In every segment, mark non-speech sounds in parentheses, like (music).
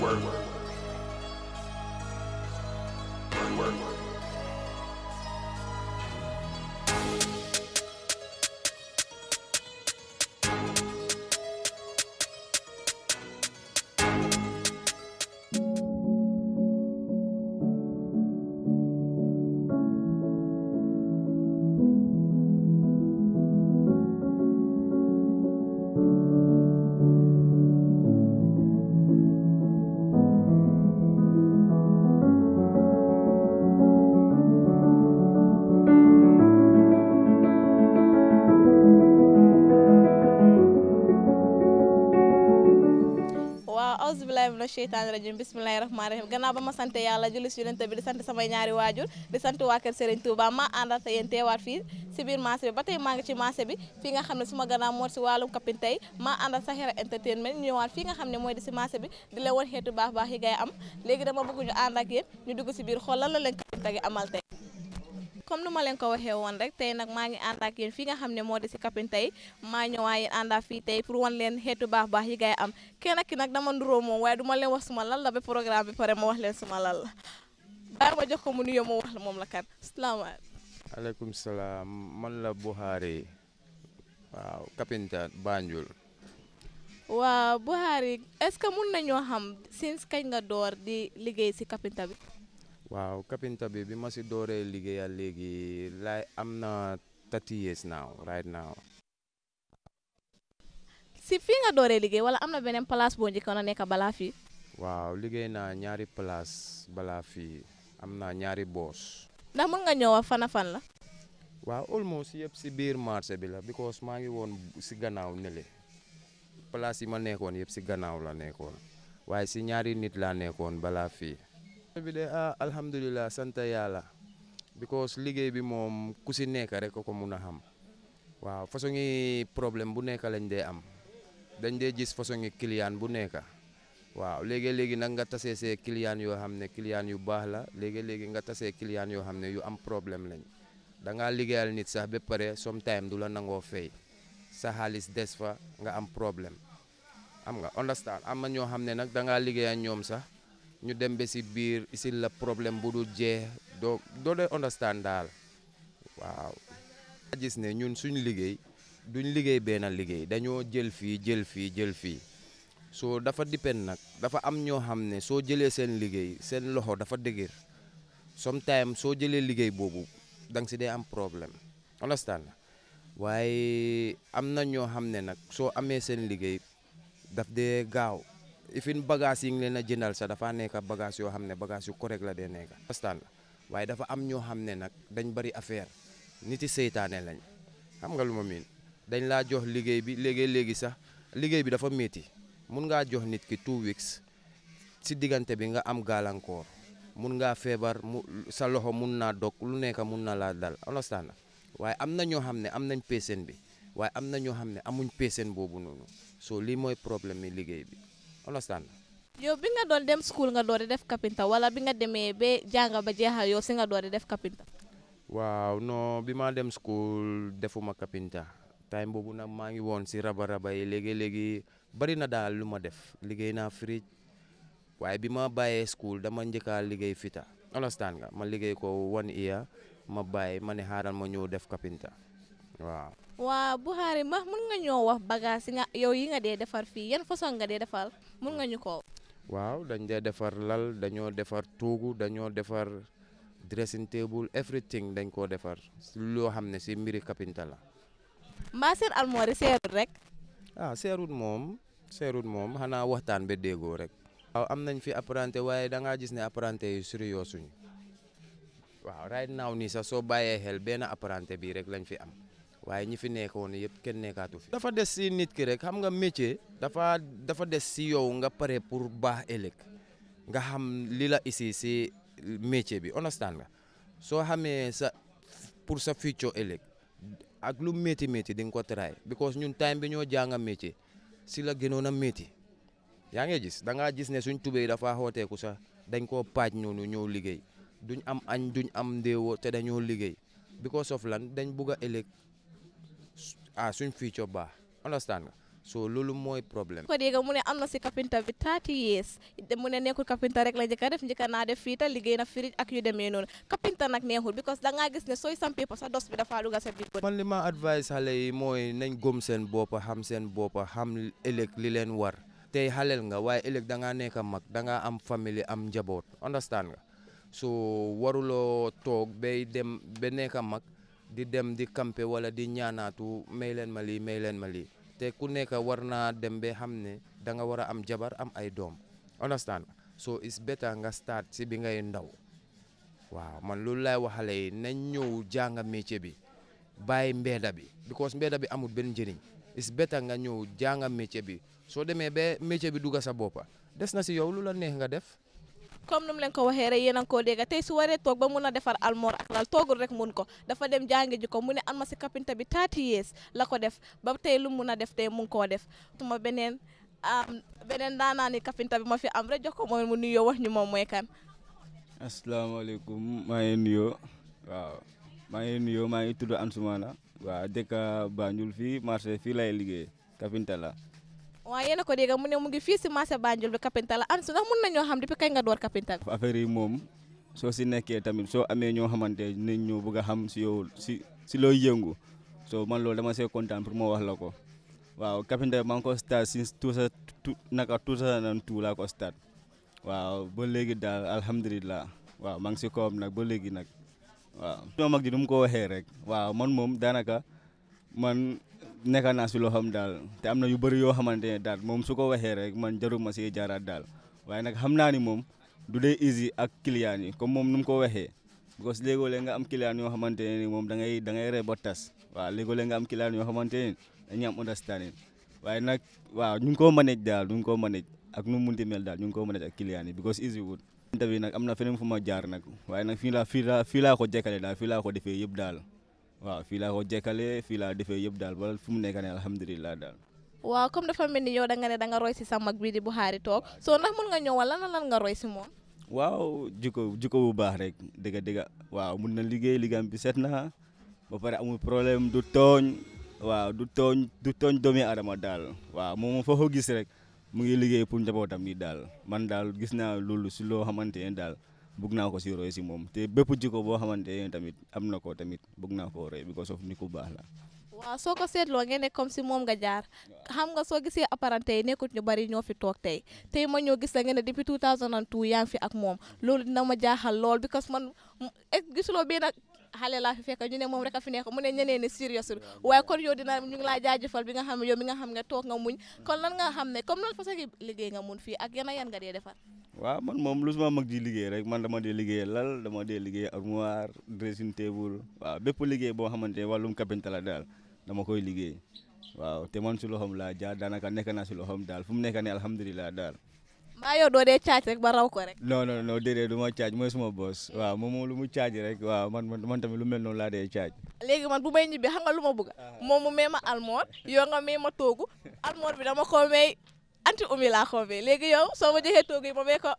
word, word, word, word. billahi mina sheytaani rajim bismillahi rahmaani rahim gannaaw ba ma sante yàlla julli si yonente di sant samay ñaari waajur di sant waa kër Serigne ma àndal te yéen teewaat fii si biir nga xam ne mooy di si marché bi di leen wan xeetu baax baax yi ngay am léegi dama bëgg ñu ànd ñu dugg si biir xool lan leen kapinte amal tey comme nu ma leen ko waxee woon rek tey nag maa ngi ànd ak yéen fii nga xam ne moo de si kapin tey maa ñëwaa yéen ànd ak fii tey pour wan leen xeetu baax baax yi gaay am kenn ki nag dama nduróo moom waaye du ma leen wax suma lan la ba programme bi pare ma wax leen suma lan la bàyyi ma jox ko mu nuyoo ma wax la moom la kan salaamaaleykum aleykum salaam man la Buhari waaw kapinta Banjul waaw Buhari est-ce que mun nañoo xam since kañ nga door di liggéey si kapinta bi waaw kapinta bi bi ma si dooree liggéeyal léegi laay am na thirty years now right now. si fii nga dooree liggéey wala am na beneen place boo njëkka a nekk balaa fii. waaw liggéey naa ñaari place balaa fii am na ñaari boos. ndax mën nga ñëw fan fan la. waaw almost yëpp si biir marché bi la because maa ngi woon si gannaaw nele place yi ma nekkoon yëpp si gannaaw la nekkoon waaye si ñaari nit laa nekkoon balaa fii. bi de ah alhamdulilah sant yàlla because liggéey bi moom ku si nekk rek ko mun a xam waaw façon problème bu nekk lañ dee am dañ dee jis façon yi bu nekk waaw léegi-léegi nag nga tasee see client yoo xam ne client yu baax la léegi-léegi nga tasee client yoo xam ne yu am problème lañ da ngaa liggéeyal nit sax ba pare sometime du la nangoo fay sa xaalis des fa nga am problème am nga understand am na ñoo xam ne nag da ngaa ñoom sax. ñu dem ba si biir si la problème bu du jeex doo doo understand daal waaw. gis ne ñun suñ liggéey duñ liggéey benn liggéey dañoo jël fii jël fii jël fii soo dafa dépend nag dafa am ñoo xam ne soo jëlee seen liggéey seen loxo dafa dëgër sometimes soo jëlee liggéey boobu da si dee am problème understand waaye am na ñoo xam ne nag soo amee seen liggéey daf dee gaaw. ifin bagage yi ngi a jëndal sax dafa nekka bagage yoo xam ne bagage yu correct la dee nekk astaan la waaye dafa am ñoo xam ne nag dañ bari affaire niti seytaane lañ xam nga lu ma miin dañ laa jox liggéey bi léegi léegi sax liggéey bi dafa métti mun ngaa jox nit ki two weeks si diggante bi nga am gàllankoor mun ngaa feebar mu sa loxo mun naa dog lu nekk mun na laa dal understand waaye am na ñoo xam ne am nañ PCN bi waaye am na ñoo xam ne amuñ PCN boobu noonu soo lii mooy problème mi liggéey bi understand yow bi nga doon dem school nga doore def kapinta wala bi nga demee ba jànga ba jeexal yow si nga doore def kapinta waaw non bi ma dem school defuma kapinta time boobu nag maa ngi woon si raba raba yi léegi-léegi bari na daal lu ma def liggéey naa fridge waaye bi ma bàyyee school dama njëkkaa liggéey fita understand nga ma liggéey ko one year ma bàyyi ma ne xaaral ma ñëw def kapinta Wah, bu Buhari ma mun nga ñoo wax bagage nga yow yi nga dé défar fi yeen façon nga dé défal mun nga ñu ko. waaw dañ dé défar lal dañoo défar tuugu dañoo défar dressing table everything dañ ko défar lo xamné ci mbiri kapinta la. ma almoire rek. ah seerut mom seerut mom xana waxtaan be dégo rek. waaw am nañ fi apprenté waye da ngaji gis ne apprenti yi sérieux suñu waaw right now ni sa so baye hel ben apprenté bi rek lañ fi am. waaye ñi fi nekkoon yëpp kenn nekkaatu fi. dafa des si nit ki rek xam nga métier dafa dafa des si yow nga pare pour baax ëllëg nga xam li la isi si métier bi understand nga soo xamee sa pour sa future ëllëg ak lu métti métti di nga ko try because ñun time bi ñoo jàng métier si la gënoon a métti yaa ngi gis da ngaa gis ne suñ tubéy dafa xooteeku sax dañ koo paaj noonu ñëw liggéey duñ am añ duñ am ndéewoo te dañoo liggéey because of lan dañ bugg a ëllëg ah suñ future baax understand nga so loolu mooy problème ko mu ne am na si kapinta bi taati yees mu ne nekkul kapinta rek la njëkk a def njëkk naa def fii ta liggéey na firij ak yu demee noonu kapinta nag neexul because da ngaa gis ne sooy sampee pa sa dos bi dafa dugg sa biir man li ma advice xale yi mooy nañ gëm seen bopp xam seen bopp xam ëllëg li leen war tey xaleel nga waaye ëllëg da nekk mag da ngaa am famille am njaboot understand nga so waruloo toog bay dem ba nekk mag di dem di camper wala di ñaanaatu may leen ma lii may leen ma lii te ku nekk war naa dem ba xam ne danga war a am jabar am ay doom understand so it's better nga start si bi ngay ndaw waaw man loolu laay waxale yi nañ ñëw jànga métier bi bàyyi mbeeda bi because mbeeda bi amul benn njëriñ it's better nga ñëw jànga métier bi soo demee ba métier bi dugga sa boppa des na si yow lu la neex nga def comme nu mu leen ko waxee rek yéen a ngi koo dégg tey su waree toog ba mun a defar almoor ak lal toogul rek mun ko dafa dem jàngi ji ko mu ne almasi kapinta bi taati yees la ko def ba tey lu mun a def tey mu ngi koo def tuma beneen beneen daanaa ni kapinta bi ma fi am rek jox ko moom mu nuyoo wax ñu moom mooy kan. asalaamaaleykum maa ngi nuyoo waaw maa ngi nuyoo maa ngi tudd Ansumana waaw dëkk Banjul fii marché fii lay liggéey kapinta la. waaw yéen a ko dégg mu ne mu ngi fii si marché Banjul bi kapinta la an su ndax mun nañoo xam depuis kañ nga door kapinta bi moom soo si nekkee tamit soo amee ñoo xamante ne ñoo bëgg a xam si yow si si looy yëngu soo man loolu dama see kontaan pour moo wax la ko waaw kapinta bi maa ngi ko start since tout sa naka tout sa nan tout start waaw ba léegi daal alhamdulilah waaw maa ngi si kawam nag ba léegi nag waaw. ñoo mag ji ko waxee rek waaw man moom daanaka man. nekka naa si loo xam daal te am na yu bëri yoo xamante ne daal moom su ko waxee rek man jarul ma si jaaraat daal waaye nag xam naa ni moom du dee easy ak client yi comme moom nu mu ko waxee because léegoo nga am client yoo xamante ne ni moom da ngay da ngay ba tas waaw léegoo nga am client yoo xamante ne dañuy am understanding waaye nag waaw ñu ngi koo manage daal ñu ngi koo manage ak nu mu munti mel daal ñu ngi koo manage ak client yi because easy wut interview nag am na feneen fu ma jaar nag waaye nag fii laa fii laa fii laa ko jekkale daal fii laa ko defee yëpp daal waaw fii laa ko jekkalee fii laa defee yëpp daal ba fu mu nekk ne alhamdulilah daal. waaw comme dafa mel ni yow da nga ne da nga roy si sa mag bii di Buhari toog soo ndax mun nga ñëwal lan lan nga roy si moom. waaw jikko jikko bu baax rek dëgg dëgg waaw mun na liggéey liggéeyam bi set na ba pare amul problème du tooñ waaw du tooñ du tooñ doomi aadama daal waaw moom foo ko gis rek mu ngi liggéey pour njabootam yi daal man daal gis naa loolu si loo xamante ne daal. bëgg naa ko si roy si moom te bépp jikko boo xamante ne tamit am na ko tamit bëgg naa ko roy bi ko sof ni ku baax la waaw soo ko seetloo ngeen ne comme si moom nga jaar xam nga soo gisee apparenté yi bari ñoo fi toog tey tey ma ñoo gis la ngeen ne depuis 2002 yaa ngi fi ak moom loolu dina ma jaaxal lool because man eh, gisuloo bii nag xale laa fi fekk ñu ne moom rek a fi nekk mu ne ñeneen ne sérieux waaye kon yow dina ñu ngi laa jaajëfal bi nga xam ne yow mi nga xam nga toog nga muñ kon lan nga xam ne comme nan façon liggéey nga mun fii ak yan yan nga dee defar waaw man moom lu suma mag ji liggéey rek man dama dee liggéey lal dama dee liggéey armoire dressing table waaw bépp liggéey boo xamante ne wàllum kapinta la daal dama koy liggéey waaw te man si loxoom laa jaar daanaka nekk naa si loxom daal fu mu nekk nii alhamdulilah daal. maa yow doo dee caaj rek ba raw ko rek. non non non déedéet du ma caaj mooy suma boss waaw moom lu mu caaj rek waaw man man tamit lu mel noonu laa dee caaj. léegi man bu may ñibbi xam nga lu ma bëgg. Ah. moom ma ma toogu almoor ko anti umi laa xoobee léegi yow soo ma joxee toog yi ma may ko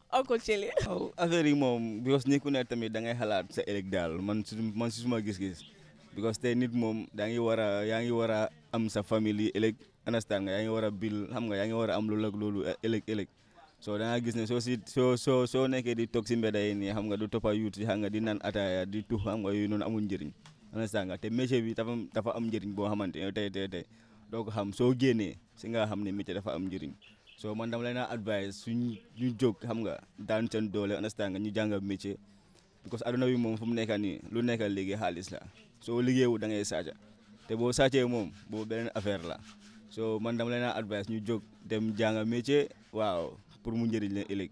Chili. (laughs) waaw affaire yi moom because ni ku tamit da ngay xalaat sa ëllëg daal man su man su ma gis-gis because te nit moom daa ngi war a yaa ngi war a am sa famille ëllëg understand nga yaa ngi war a bil xam nga yaa ngi war a am loolu loolu ëllëg ëllëg soo da gis ne soo si soo soo soo nekkee di toog si mbedd yi nii xam nga du toppa yuut si xam nga di naan ataaya di tux xam nga yooyu noonu amul njëriñ understand nga te métier bi dafa am njëriñ boo xamante ne tey doo xam soo génnee si nga xam ne métier dafa am njëriñ soo man dama leen a advice suñ ñu jóg xam nga daan seen doole understand nga ñu jàng métier because aduna bi moom fu mu nekka nii lu nekka léegi xaalis la soo liggéeyu da ngay sàcca te boo sàccee moom boo beneen affaire la soo man dama leen a advice ñu jóg dem jàng métier waaw pour mu njëriñ leen ëllëg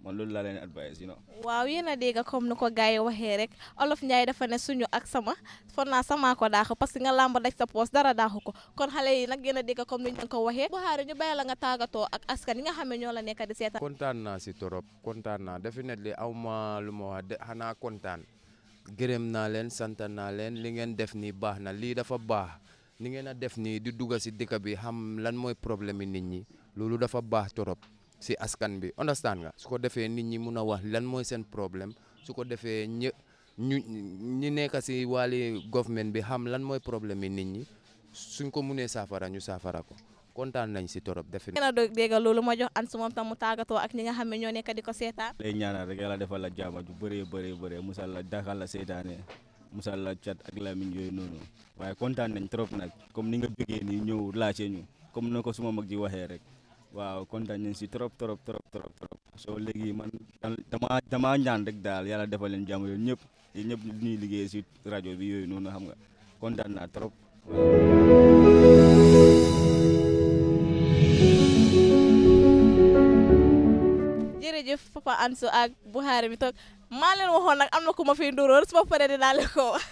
man loolu laa leen advice you know waaw yéen a dégg comme ni ko gars yi waxee rek olof Njaay defa ne suñu ak sama fon naa sama ko daaxu parce que nga làmb daj sa poos dara daaxu ko kon xale yi nag yéen a dégg comme ni ñu ko waxee Buhari ñu bàyyi la nga tàggatoo ak askan yi nga xam ne ñoo la nekk di seetaan kontaan naa si torop kontaan naa definitely aw ma lu ma wax de xanaa kontaan gërëm naa leen sant naa leen li ngeen def nii baax na lii dafa baax ni ngeen a def nii di dugg si dëkk bi xam lan mooy problème yi nit ñi loolu dafa baax torop si askan bi understand nga su ko defee nit ñi mun a wax lan mooy seen problème su ko defee ñë ñu ñi nekk si wàlli government bi xam lan mooy problème yi nit ñi suñ ko munee saafara ñu saafara ko kontaan nañ si torop defe naa do dégg loolu ma jox an su tam mu tàggatoo ak ñi nga xam ne ñoo nekk di ko seetaan lay ñaanal rek yàlla defal la jaama ju bëree bëree bëree musal la daxal la seetaane musal la cat ak lamiñ yooyu noonu waaye kontaan nañ trop nag comme ni nga bëggee nii ñëw laajte ñu comme na ko su ma mag ji waxee rek waaw kontaan nañ si trop trop trop trop trop soo léegi man dama damaa ñaan rek daal yàlla defal leen jàmm yooyu ñëpp yéen ñëpp ñuy liggéey si rajo bi yooyu noonu xam nga kontaan naa trop. jërëjëf Anso ak Buhari mi toog. malen waxon nak amna kuma fi ndurur suma ma dina dinaa ko wax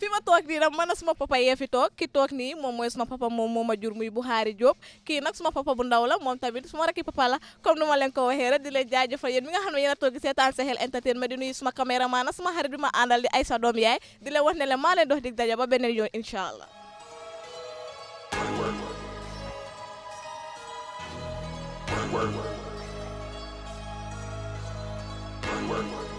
fi ma toog nii nag man suma papa yefi tok ki tok ni mom moy suma papa mom moma jur muy Buhari job ki nak suma papa bu ndaw la mom tamit suma rakki papa la comme nu len ko waxe rek di leen jaajëfal mi nga xamne yena tok setan Sahel Entertainment di nuyu suma cameraman suma xarit bi ma di aissa dom yaay di wax ne leen malen dox dig dajja ba benen yoon inshallah work, work, work.